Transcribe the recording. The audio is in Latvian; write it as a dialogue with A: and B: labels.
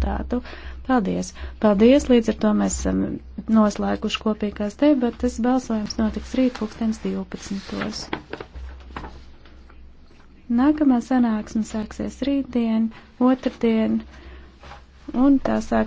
A: rezultātu. Paldies! Paldies! Līdz ar to mēs esam noslēguši kopīgās debatas. Balsojums notiks rīt pulkstens 12. Nākamā sanāksme sāksies rītdien, otrdien,
B: un tā sāk.